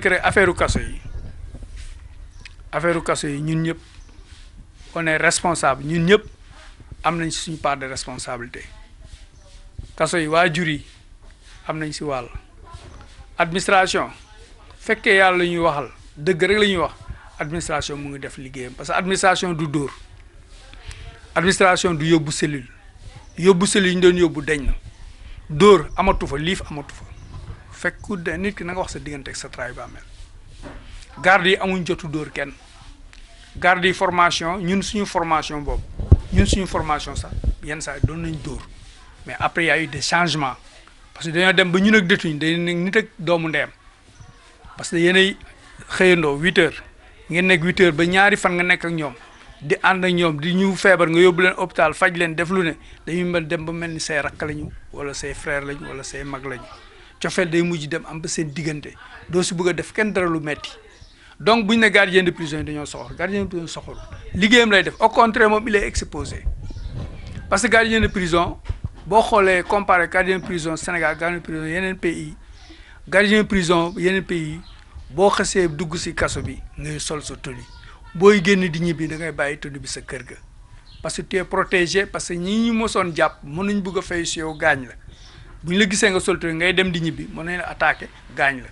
décret affaire kaso yi affaire kaso yi ñun ñëpp on est responsable ñun ñëpp am nañ si suñu part de responsabilité kaso yi waa jur yi am nañ si wàll administration fekkee yàlla la ñuy waxal dëgg rek la ñuy wax administration mu ngi def liggéeyam parce que administration du dóor administration du yóbbu cellule yóbbu cellule yi ñu doon yóbbu deñ na dóor amatu fa liif amatu fa fekk ku nit ki na wax sa diggante ak sa travail ba mel garde yi amuñ jotu dóor kenn garde yi formation ñun suñu formation boobu ñun suñu formation sax yenn saa doon nañ dóor mais après y de changement des que dañoo dem ba ñun ak dëtuñ day nit ak doomu ndeyam parce que yéenay xëyandoo huit heures ngeen nekk huit ba ñaari fan nga nekk ak ñoom di ànd ak ñoom di ñu feebar nga yóbbu leen hôpital faj leen def lu ne dañuy mën dem ba mel ni say rakk lañu wala say frère lañu wala say mag lañu. cofeel day mujj dem am ba seen diggante doo si bugg def kenn dara lu metti donc buñ ne gardien de prison yi dañoo soxor gardien de prison soxor liggéeyam lay def au contraire moom il est exposé parce que gardien de prison boo xoolee comparé gardien de prison Sénégal gardien de prison yeneen pays gardien de yeneen pays boo xasee dugg si kaso bi ngay sol sa tenue booy génn di ñibbi da ngay bàyyi tenue bi sa kër ga parce que tu es protégé parce que ñi ñu mosoon jàpp mënuñ bëgg a fay si gaañ la bu ñu la gisee nga sol ngay dem di ñibbi mën nañ la attaqué gaañ la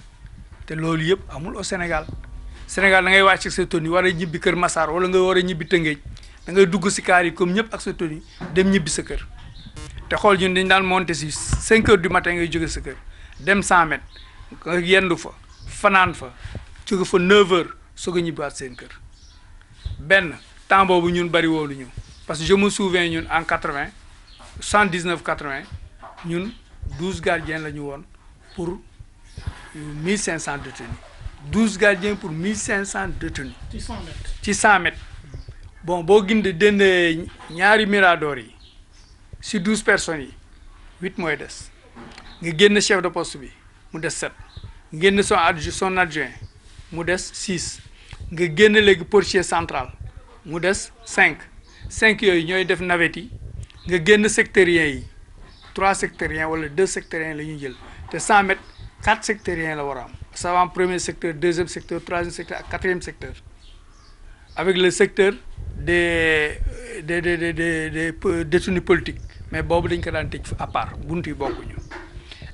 te loolu yëpp amul au Sénégal Sénégal da ngay wàcc sa tenue war a ñibbi Kër Massar wala nga war a ñibbi Tëngéej da ngay dugg si kaar yi comme ñëpp ak sa tenue dem ñibbi sa kër te xool ñun dañ daan monter si 5 heures du matin ngay jóge sa kër dem 100 mètres nga yendu fa fanaan fa jóge fa 9 heures soog a ñibbaat seen kër benn temps boobu ñun bari woonu ñu parce que je me souviens ñun en 80 79 80 ñun. douze gardiens la ñu woon pour mille cinq cent détenus douze gardiens pour mille cinq cent détenus ci cent mètres ci cent mètres bon boo gindee dëndee ñaari mirador yi si douze personnes yi huit mooy des nga génn chef de poste bi mu des sept nga génn son adju son adjoint mu des six nga génn léegi portier central mu des cinq cinq yooyu ñooy def navette yi nga génn secteurs yi trois secteurs wala deux secteurs la ñuy jël te 100 mètres quatre secteurs la war a am savant premier secteur deuxième secteur troisième secteur ak quatrième secteur avec le secteur des des des des des des détenus politiques mais boobu dañ ko daan tëj à part bunt yi bokkuñu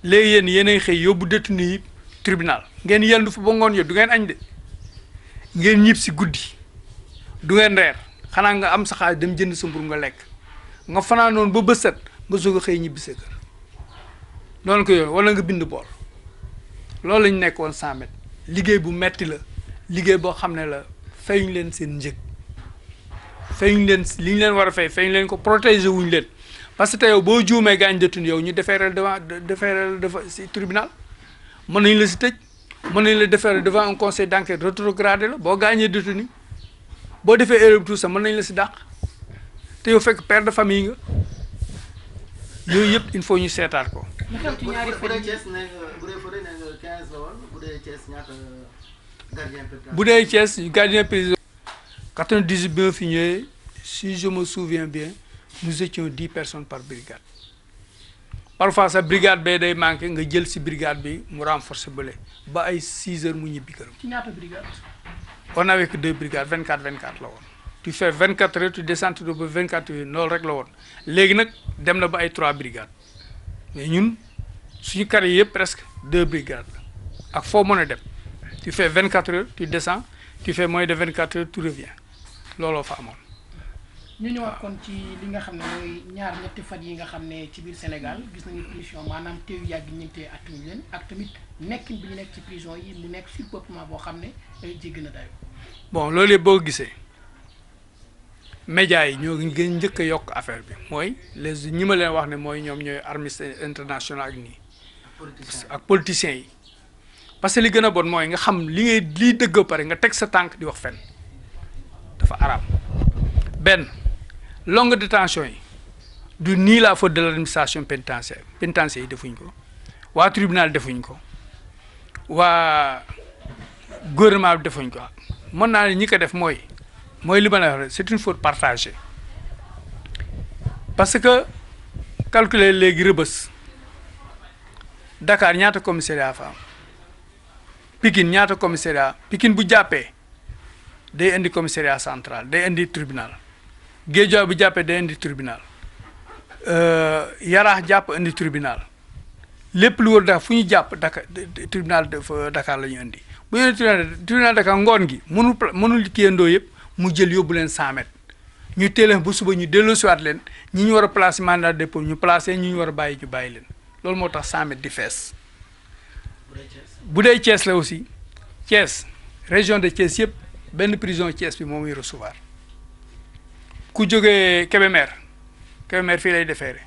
léegi yéen yéenay xëy yóbbu détenu yi tribunal ngeen yendu fa ba ngoon yëpp du ngeen añ de ngeen ñib si guddi du ngeen reer xanaa nga am sa xaalis dem jënd sa mburu nga lekk nga fanaanoon ba bët set nga soog a xëy ñibbi sa kër noonu ko yoon wala nga bind bool loolu lañ nekk woon cent mètres liggéey bu metti la liggéey boo xam ne la fayuñ leen seen njëg fayuñ leen li ñu leen war a fay fayuñ leen ko protéger wuñ leen parce que te boo juumee gaañ dëtun yow ñu defeeral devant defeeral devant si tribunal mën nañ la si tëj mën nañ la defeeral devant un conseil d'enquête rétrogradé la boo gaañee dëtun boo defee erreur tout ça mën nañ la si dàq te yow fekk per de famille nga yooyu yëpp il faut ñu seetaat ko. bu dee Thiès bu dee fële nekk 15 la gardien prison. bu dee Thiès gardien bi ma fi ñëwee si je me souviens bien nous étions 10 personnes par brigade parfois sa brigade bee day manqué nga jël si brigade bi mu renforcer bële ba ay 6 heures mu ñibbi kër ci ñaata brigade. on avait que deux brigades 24 24 la woon. tu fais vingt quatre heures tu descends tu ba vingt quatre heures loolu rek la woon léegi nag dem na ba ay trois brigades mais ñun suñu carrière yëpp presque deux brigades la ak foo mën a dem tu fais vingt quatre heures tu descends tu fais de vingt quatre heures looloo fa amoon. ñu ñëwaat kon ci li nga xam ne mooy ñaar ñetti fat yi nga xam ne ci biir Sénégal gis nañu prison maanaam teew yàgg ñi tee attuñu leen ak tamit nekkin bi ñu nekk ci prison yi mu nekk surpeuplement boo xam ne eh, jéggi na dayo médias yi ñoo gën njëkk a yokk affaire bi mooy les ñi ma leen wax ne mooy ñoom ñooy Amnesty International ak nii. ak politiciens yi. parce que li gën a bon mooy nga xam li ngay liy dëgg pare nga teg sa tànk di wax fen dafa araam benn longue détention yi du nii la faute de l' administration pénitentiaire pénitentiaire yi defuñ ko waa tribunal defuñ ko waa gouvernement bi defuñ ko mën naa ne ñi ko def mooy. mooy li ma la wax c'est une faute partagée parce que calculer léegi rëbës dakaar ñaata commissariat fa pikin ñaata commissariat Pikine bu jàppee day indi commissariat central day indi tribunal Géejawaay bu jàppee day indi tribunal euh, Yaraax jàpp indi tribunal lépp lu wër Dakar fu ñu jàpp Dakar tribunal de Dakar la ñu indi bu ñu indi tribunal Dakar ngoon gi mënul mënul kiyandoo yëpp. mu jël yóbbu leen 100 mètres ñu téeleen bu suba ñu delloosiwaat leen ñi ñu war a placer mandat de pour ñu placer ñi ñu war a bàyyi ñu bàyyi leen loolu moo tax 100 mètres di fees. bu dee Thiès la aussi Thiès région de Thiès yëpp benn prison Thiès bi moo muy recevoir ku jógee Kébémer Kébémer fii lay defeere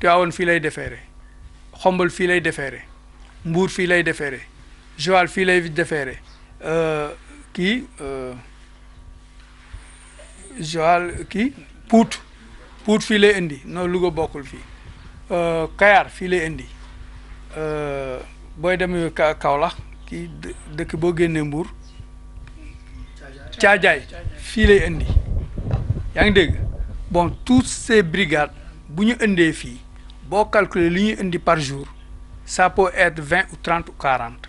Tivaouane fii lay defeere Xombol fii lay defeere Mbuur fii lay defeere Joal fii lay defeere euh, kii. Euh, Joal kii Pout Pout fii lay indi non Louga bokkul fii euh, Kayar fii lay indi euh, booy demee Kaolack kii dëkk boo génnee Mbour Caajaay fii lay indi yaa ngi dégg bon toutes ces brigades bu ñu indee fii boo calculer li ñuy indi par jour ça peut être vingt ou trente ou quarante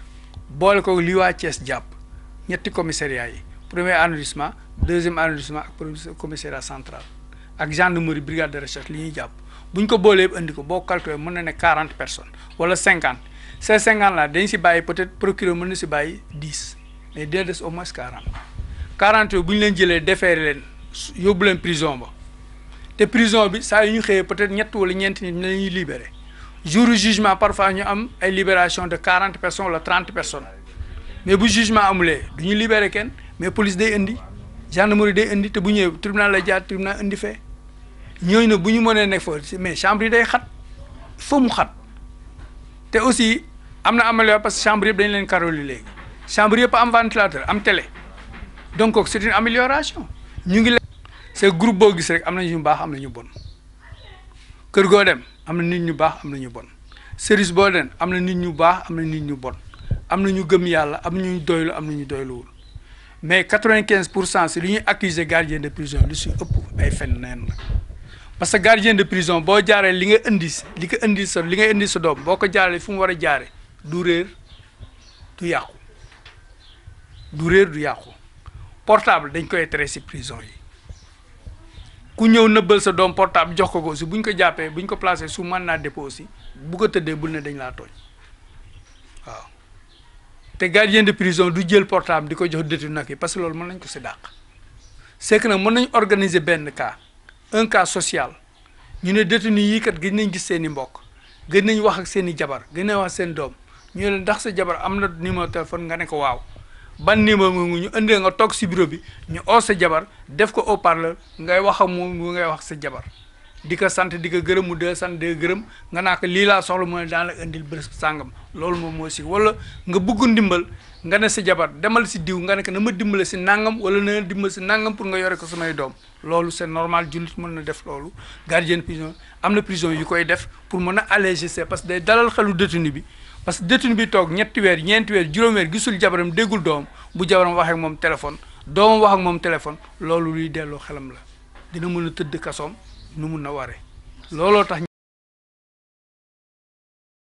boole ko li waa Thiès jàpp ñetti commissariat yi premier arrondissement deuxième arrondissement ak commissariat central ak gendarmerie brigade de recherche li ñuy jàpp bu ñu ko boolee indi ko boo calculé mën na ne quarante personnes wala cinquante ces cinquante là dañ si bàyyi peut-être procureur mën na si bàyyi dix mais dina des au moins quarante quarante yooyu bu ñu leen jëlee defeere leen yóbbu leen prison ba te prison bi saa yu ñu xëyee peut-être ñett wala ñeenti nit la ñuy libéré jour jugement parfois ñu am ay libération de quarante personnes wala trente personnes mais bu ñu libéré kenn mais police day indi gendarmerie day indi te bu ñëwee tribunal lay jaar tribunal indi fee ñooñu nag bu ñu mënee nekk foofu mais chambre yi day xat fa mu xat te aussi am na amélioration parce que chambre dañ leen karoli léegi chambre yëpp am ventilateur am tele donc c' est une amélioration ñu ngi c' est groupe boo gis rek am na ñu baax am na ñu bon kër goo dem am na nit ñu baax am na ñu bon service boo dem am na nit ñu baax am na nit ñu bon am na ñu gëm yàlla am na ñu doylu am na ñu doyluwul mais quatre-vingt-quinze pour cent si li ñuy accuser gardien de prison lu si ëpp ay fen neen la parce que gardien de prison boo jaaree li nga indi li ko indi sa li nga indi sa doom boo ko jaaree fu mu war a jaare du réer du yàqu du réer du yàqu portable dañ koy tere si prison yi ku ñëw nëbbal sa doom portable jox ko ko si bu ñu ko jàppee bu ñu ko placé su mën naa dépôt si bu ko tëddee bul ne dañ laa tooñ waaw te gardien de prison du jël portable di ko jox détenu nag yi parce que loolu mën nañ ko si dàq c'est que nag mën nañu organiser benn cas un cas social ñu ne détenu yii kat gën nañ gis seen i mbokk gën nañu wax ak seen i jabar gën nañ wax seen doom ñu ne ndax sa jabar am na numéro téléphone nga ne ko waaw ban numéro nga ñu indee nga toog si bureau bi ñu oo sa jabar def ko au ngay wax ak moom ngay wax sa jabar di ko sant di ko gërëm mu dee sant di gërëm nga naa ko lii laa soxla mu ne daan la indil bërëb sàngam loolu moom moo si wala nga bëgg ndimbal nga ne si jabar demal si diw nga ne ko na ma dimbale si nangam wala na dimbal si nangam pour nga yore ko samay doom loolu see normal jullit mën na def loolu gardien prison am na prison yu koy def pour mën a alléger c'est parce que day dalal xelu détenu bi parce que détenu bi toog ñetti weer ñeenti weer juróom weer gisul jabaram déggul doom bu jabaram ak moom téléphone doomam wax ak moom téléphone loolu luy delloo xelam la dina mën a tëdd kasoom nu mun na ware looloo tax